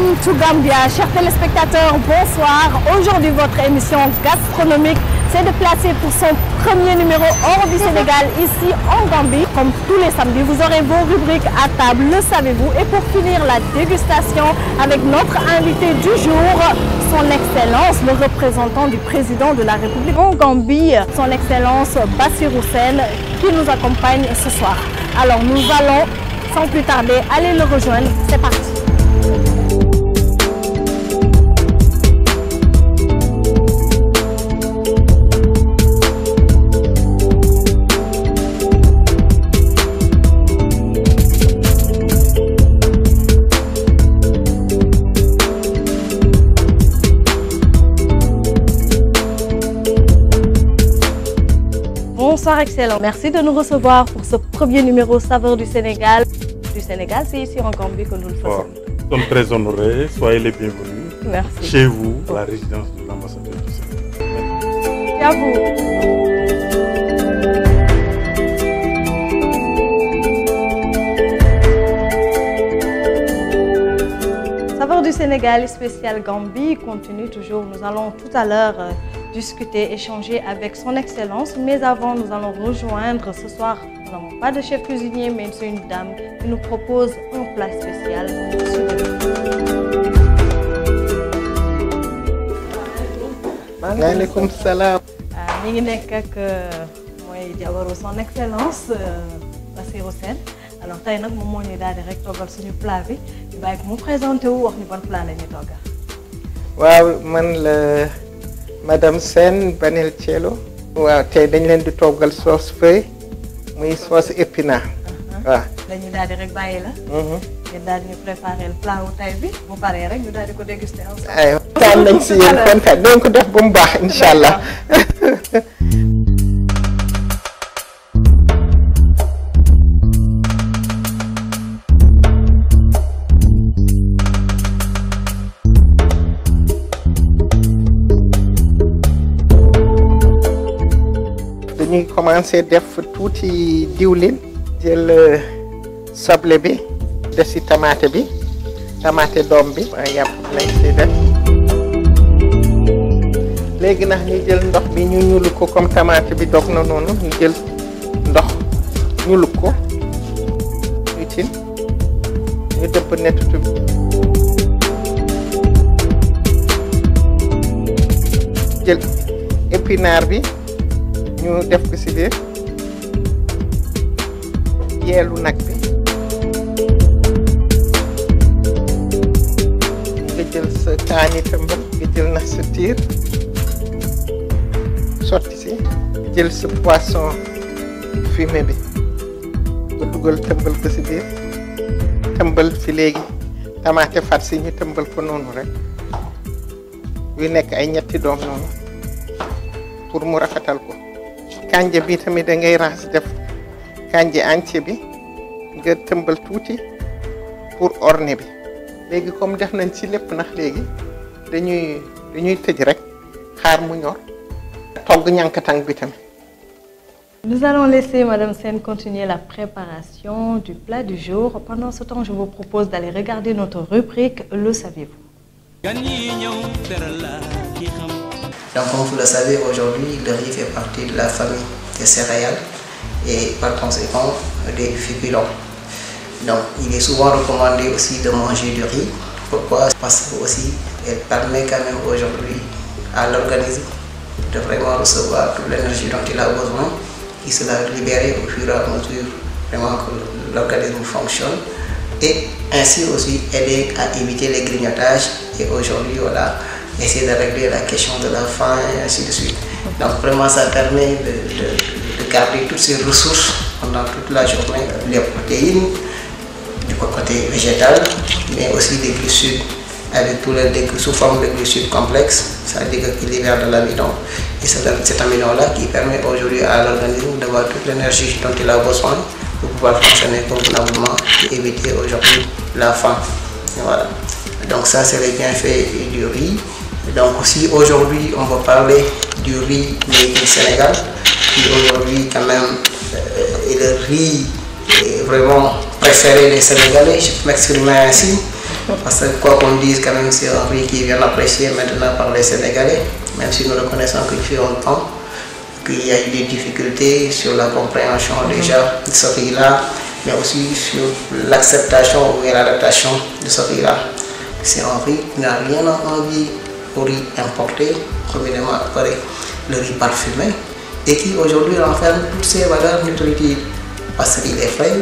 Welcome Gambia, chers téléspectateurs, bonsoir. Aujourd'hui, votre émission gastronomique s'est déplacée pour son premier numéro hors du Sénégal, ici en Gambie. Comme tous les samedis, vous aurez vos rubriques à table, le savez-vous. Et pour finir, la dégustation avec notre invité du jour, son Excellence, le représentant du président de la République en Gambie, son Excellence Bassi Roussel, qui nous accompagne ce soir. Alors, nous allons sans plus tarder aller le rejoindre. C'est parti. Bonsoir Excellent. Merci de nous recevoir pour ce premier numéro Saveur du Sénégal. Du Sénégal, c'est ici en Gambie que nous le faisons. Nous sommes très honorés. Soyez les bienvenus. Merci. Chez vous, à la résidence de l'ambassadeur du Sénégal. à vous. Saveur du Sénégal spécial Gambie continue toujours. Nous allons tout à l'heure euh, discuter, échanger avec son excellence. Mais avant, nous allons rejoindre ce soir, nous n'avons pas de chef cuisinier, mais c'est une dame qui nous propose un plat spécial. maaleykum salaam. salam. ñu ah, ngi nekk ak euh, mooy jabaru son excellence euh, Bassirou Sène alors tey nag moom moo ñuy daal di rek toggal suñu plat bi ñu bàyyi ko mu présenté wu wax ñu plat la ñuy toggal. waaw man la. madame seen Banel Thieló waaw tey dañ leen di toggal sauce feuille muy sauce épinard uh-huh. waaw dañuy daal di rek bàyyi la uh-huh. ngeen daal di préparé rek daal di ko dégusté ay waxtaan nañ si yéen kontaan dañ ko def bu mu baax incha allah ñu commencé def tuuti diwlin jël euh, soble bi def si tamaate bi tamaate doom bi yàpp lañ si def léegi nag ñu jël ndox bi ñu ñulu ko comme tamaate bi dog na noonu ñu jël ndox ñulu ko tuuti ñu nettutu jël épinard bi ñu def ko ci biir yeelu nag bi nga jël sa kaani tëmbal nga jël nag sa tiir sotti sa poisson fumé bi nga tëmbal ko ci tëmbal fi léegi tamaate fat si ñu tëmbal fo noonu rek yu nekk ay ñetti doom noonu pour mu rafetal ko kanje bi tamit da ngay ras def kanje entier bi nga tëmbal tuuti pour orner bi léegi comme def nañ ci lépp ndax léegi dañuy dañuy tëj rek xaar mu ñor togg ñankatang bi tamit Nous allons laisser Madame Sen continuer la préparation du plat du jour. Pendant ce temps, je vous propose d'aller regarder notre rubrique Le saviez-vous donc, comme vous le savez, aujourd'hui, le riz fait partie de la famille des céréales et par conséquent des féculents. Donc, il est souvent recommandé aussi de manger du riz. Pourquoi Parce que aussi, elle permet quand même aujourd'hui à l'organisme de vraiment recevoir toute l'énergie dont il a besoin, qui sera libérée au fur et à mesure vraiment que l'organisme fonctionne et ainsi aussi aider à éviter les grignotages. Et aujourd'hui, voilà, essayer de régler la question de la faim et ainsi de suite. Donc vraiment ça permet de, de, garder toutes ces ressources pendant toute la journée, les protéines, du côté végétal, mais aussi des glucides avec tous les sous forme de glucides complexes, ça à dire qu'il de l'amidon. Et c'est cet amidon-là qui permet aujourd'hui à l'organisme d'avoir toute l'énergie dont il a besoin pour pouvoir fonctionner convenablement et éviter aujourd'hui la faim. Voilà. Donc ça, c'est les bienfaits du riz. Donc aussi, aujourd'hui on va parler du riz du Sénégal, qui aujourd'hui quand même euh, est le riz est euh, vraiment préféré des Sénégalais, je m'exprimer ainsi, parce que quoi qu'on dise quand même c'est un riz qui vient apprécié maintenant par les Sénégalais, même si nous reconnaissons qu'il fait longtemps qu'il y a eu des difficultés sur la compréhension mhm. déjà de ce riz-là, mais aussi sur l'acceptation et l'adaptation de ce riz-là. C'est un riz qui n'a rien envie pour riz importé, communément le riz parfumé, et qui aujourd'hui renferme toutes ses valeurs nutritives parce qu'il est frais,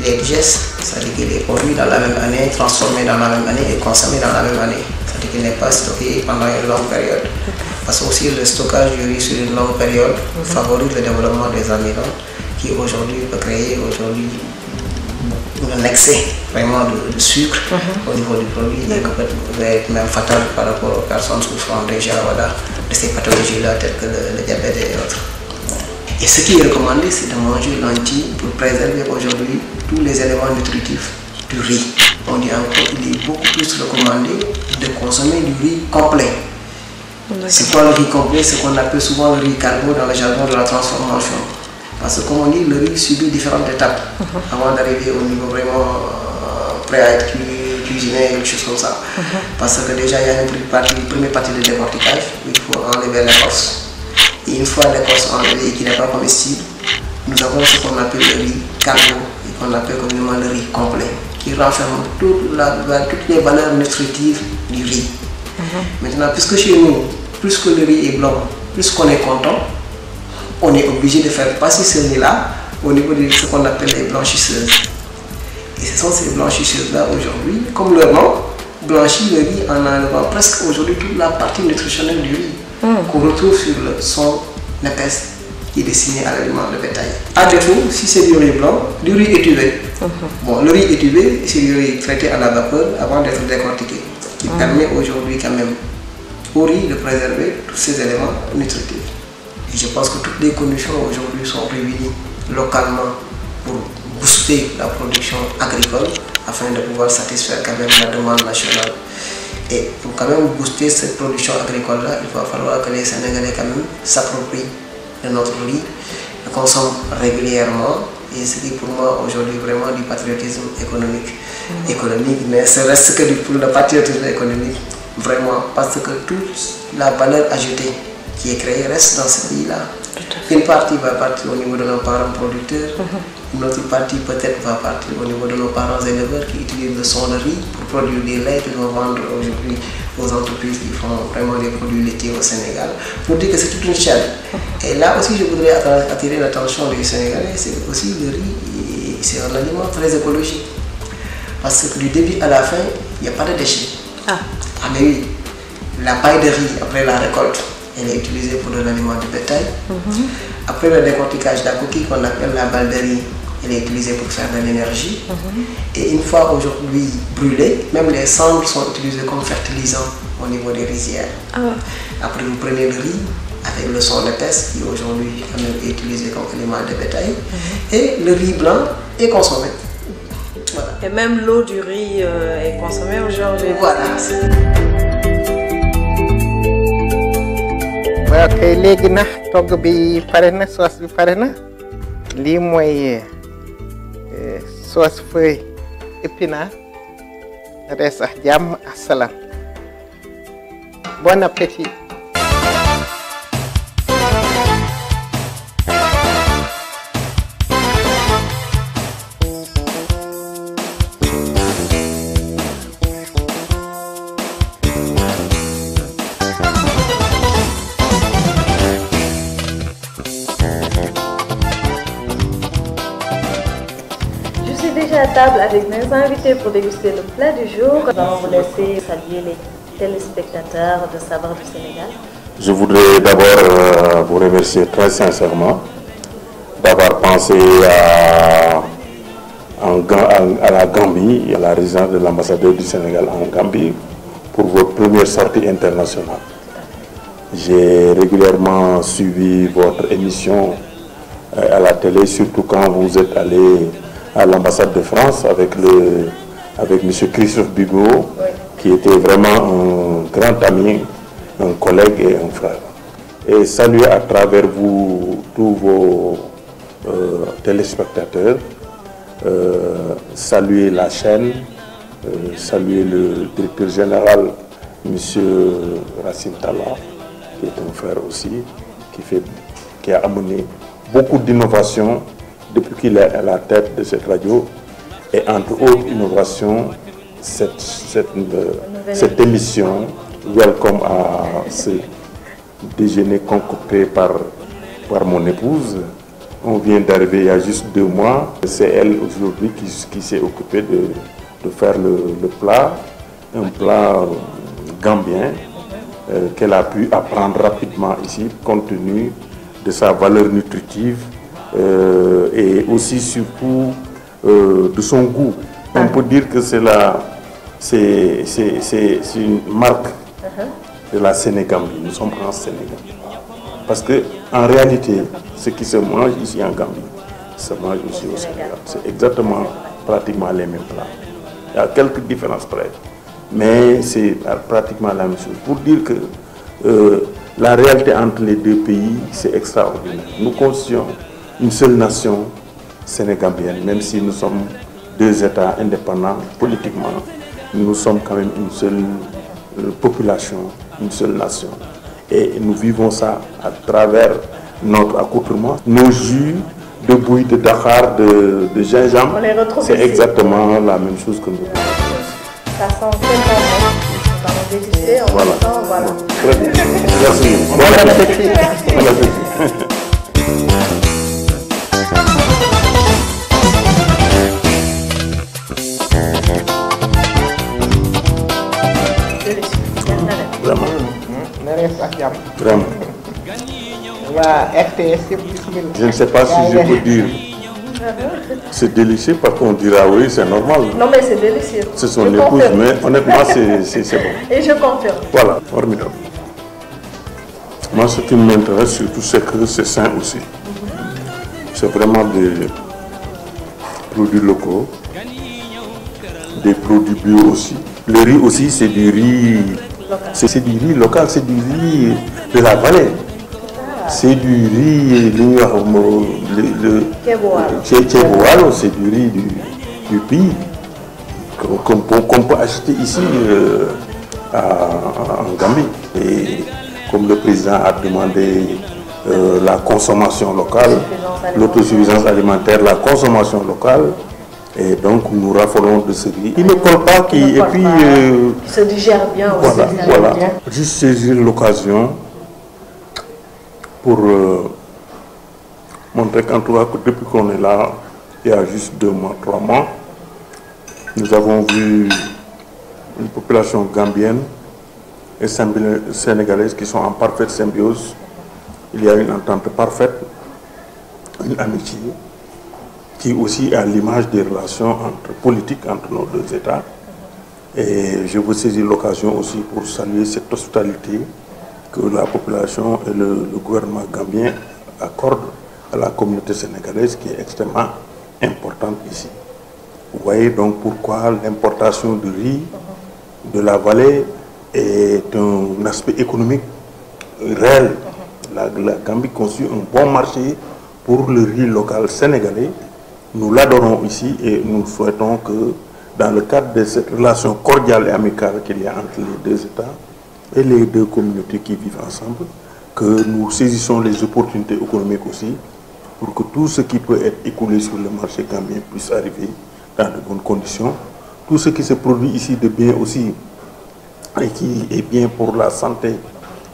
il est digeste, c'est-à-dire qu'il est produit dans la même année, transformé dans la même année et consommé dans la même année. C'est-à-dire qu'il n'est pas stocké pendant une longue période. Parce que aussi le stockage du riz sur une longue période mhm. favorise le développement des aliments qui aujourd'hui peut créer aujourd'hui un excès vraiment de, sucre mhm. au niveau du produit et être même fatal par rapport aux personnes souffrant déjà de ces pathologies-là telles que le, diabète et autres. Et ce qui est recommandé, c'est de manger lentilles pour préserver aujourd'hui tous les éléments nutritifs du riz. On dit encore qu'il est beaucoup plus recommandé de consommer du riz complet. C'est quoi le riz complet C'est qu'on appelle souvent le riz carbo dans le jargon de la transformation. Parce que comme on dit, le riz subit différentes étapes mhm. avant d'arriver au niveau vraiment euh, prêt à être cuisiné, quelque chose comme ça. Mhm. Parce que déjà, il y a une partie, première partie de où il faut enlever l'écorce. Et une fois l'écorce enlevée et qu'il n'est pas comestible, nous avons ce qu'on appelle le riz cargo et qu'on appelle communément le riz complet, qui renferme toutes les valeurs nutritives du riz. Mhm. Maintenant, puisque chez nous, plus que le riz est blanc, plus qu'on est content, on est obligé de faire passer ce riz là au niveau de ce qu'on appelle les blanchisseuses. Et ce sont ces blanchisseuses-là aujourd'hui, comme leur nom, blanchit le riz en enlevant presque aujourd'hui toute la partie nutritionnelle du riz hmm. qu'on retrouve sur le, son épaisse qui est destiné à l'aliment de bétail. À défaut, si c'est du riz blanc, du riz étuvé. Mhm. Bon, le riz étuvé, c'est du riz traité à la vapeur avant d'être décortiqué, qui hmm. permet aujourd'hui quand même au riz de préserver tous ses éléments nutritifs je pense que toutes les conditions aujourd'hui sont réunies localement pour booster la production agricole afin de pouvoir satisfaire quand même la demande nationale. Et pour quand même booster cette production agricole-là, il va falloir que les Sénégalais quand même s'approprient de notre riz, le consomment régulièrement. Et c'est pour moi aujourd'hui vraiment du patriotisme économique. Mmh. économique mais ce reste que du, le patriotisme économique, vraiment, parce que toute la valeur ajoutée qui est créé reste dans ce pays-là. Une partie va partir au niveau de nos parents producteurs, mhm. une autre partie peut-être va partir au niveau de nos parents éleveurs qui utilisent le son de riz pour produire des laits qu'ils vont vendre aujourd'hui aux entreprises qui font vraiment des produits laitiers au Sénégal. Pour dire que c'est toute une chaîne. Et là aussi, je voudrais attirer l'attention des Sénégalais, c'est aussi le riz, c'est un aliment très écologique. Parce que du début à la fin, il n'y a pas de déchets. Ah. ah mais oui, la paille de riz après la récolte, elle est utilisée pour de l'aliment de bétail. Mhm. Après le décortiquage de la coquille qu'on appelle la balderie, elle est utilisée pour faire de l'énergie. Mhm. Et une fois aujourd'hui brûlée, même les cendres sont utilisées comme fertilisant au niveau des rizières. Ah. Après vous prenez le riz, avec le son épaisse qui aujourd'hui est utilisé comme aliment de bétail. Mhm. Et le riz blanc est consommé. Et même l'eau du riz euh, est consommée aujourd'hui. Voilà. waaw kay léegi na togg bi pare na soos bi pare na lii mooy eh, soos feuille épinard rees ak jàmm ak salaam bon appétit invités pour déguster le plat du jour. vous laisser saluer les téléspectateurs de Savoir du Sénégal. Je voudrais d'abord euh, vous remercier très sincèrement d'avoir pensé à, à, la Gambie à la résidence de l'ambassadeur du Sénégal en Gambie pour votre première sortie internationale. J'ai régulièrement suivi votre émission euh, à la télé, surtout quand vous êtes allé à l'ambassade de France avec, le, avec M. Christophe Bigot, qui était vraiment un grand ami, un collègue et un frère. Et saluer à travers vous tous vos euh, téléspectateurs, euh, saluer la chaîne, euh, saluer le directeur général, M. Racine Tala, qui est un frère aussi, qui, fait, qui a amené beaucoup d'innovations depuis qu'il est à la tête de cette radio. Et entre autres innovations, cette, euh, émission, Welcome à ce déjeuner concocté par, mon épouse. On vient d'arriver il y a juste deux mois. C'est elle aujourd'hui qui, s'est occupée de, faire le, plat, un plat gambien euh, qu'elle a pu apprendre rapidement ici compte tenu de sa valeur nutritive euh, et aussi surtout euh, de son goût. Ah. On peut dire que c'est la c'est une marque uh-huh. de la Sénégambie. Nous sommes en Sénégal. Parce que en réalité, ce qui se mange ici en Gambie se mange aussi au Sénégal. C'est exactement pratiquement les mêmes plats. Il y a quelques différences près, mais c'est pratiquement la même chose. Pour dire que euh, la réalité entre les deux pays, c'est extraordinaire. Nous conscions une seule nation sénégambienne, même si nous sommes deux États indépendants politiquement, nous sommes quand même une seule euh, population, une seule nation. Et nous vivons ça à travers notre accoutrement. Nos jus de bouillie de Dakar, de, gingembre, c'est exactement la même chose que nous. Ça sent bon. Voilà. Merci je ne sais pas si je peux dire. c'est délicieux parce qu'on dira oui, c'est normal. Non, mais c'est délicieux. C'est son épouse, mais honnêtement, c'est bon. Et je confirme. Voilà, formidable. Moi, ce qui m'intéresse surtout, c'est que c'est sain aussi vraiment des produits locaux, des produits bio aussi. Le riz aussi, c'est du riz. C'est du riz local, c'est du riz de la vallée. C'est du riz, le, c'est du riz du, pays qu'on peut acheter ici euh, à, en Gambie. Et comme le président a demandé euh, la consommation locale, l'autosuffisance alimentaire, la consommation locale. Et donc, nous raffolons de ce qui Il ne colle pas qui. Et puis. Euh, il se digère bien aussi. Voilà, voilà. Juste saisir l'occasion pour euh, montrer qu'en tout cas, depuis qu'on est là, il y a juste deux mois, trois mois, nous avons vu une population gambienne et sénégalaise qui sont en parfaite symbiose il y a une entente parfaite, une amitié, qui aussi a l'image des relations entre politiques entre nos deux États. Et je veux saisir l'occasion aussi pour saluer cette hospitalité que la population et le, le gouvernement gambien accordent à la communauté sénégalaise qui est extrêmement importante ici. Vous voyez donc pourquoi l'importation du riz de la vallée est un aspect économique réel la, Gambie construit un bon marché pour le riz local sénégalais. Nous l'adorons ici et nous souhaitons que dans le cadre de cette relation cordiale et amicale qu'il y a entre les deux États et les deux communautés qui vivent ensemble, que nous saisissons les opportunités économiques aussi pour que tout ce qui peut être écoulé sur le marché gambien puisse arriver dans de bonnes conditions. Tout ce qui se produit ici de bien aussi et qui est bien pour la santé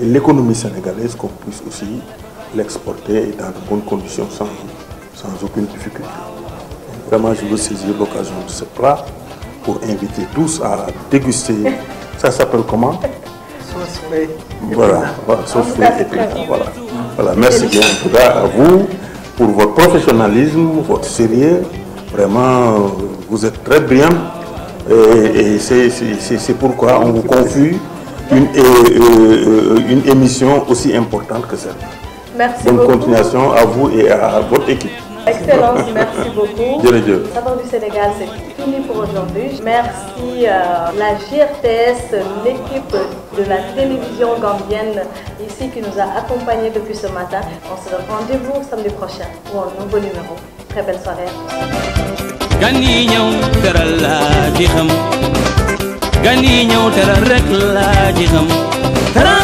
et l'économie sénégalaise qu'on puisse aussi l'exporter dans de bonnes conditions sans, sans aucune difficulté. vraiment, je veux saisir l'occasion de ce plat pour inviter tous à déguster. Ça s'appelle comment Sauce Voilà, voilà et voilà. Merci bien tout à vous pour votre professionnalisme, votre sérieux. Vraiment, euh, vous êtes très bien. Et, et c'est pourquoi on vous confie euh, euh, une, émission aussi importante que celle. Merci Bonne continuation à vous et à votre équipe. Excellence, merci beaucoup. Savoir du Sénégal, c'est fini pour aujourd'hui. Merci à euh, la GRTS, l'équipe de la télévision gambienne ici qui nous a accompagnés depuis ce matin. On se donne rendez-vous samedi prochain pour un nouveau numéro. Très belle soirée à tous. gan yi ñëw teral rek laa ji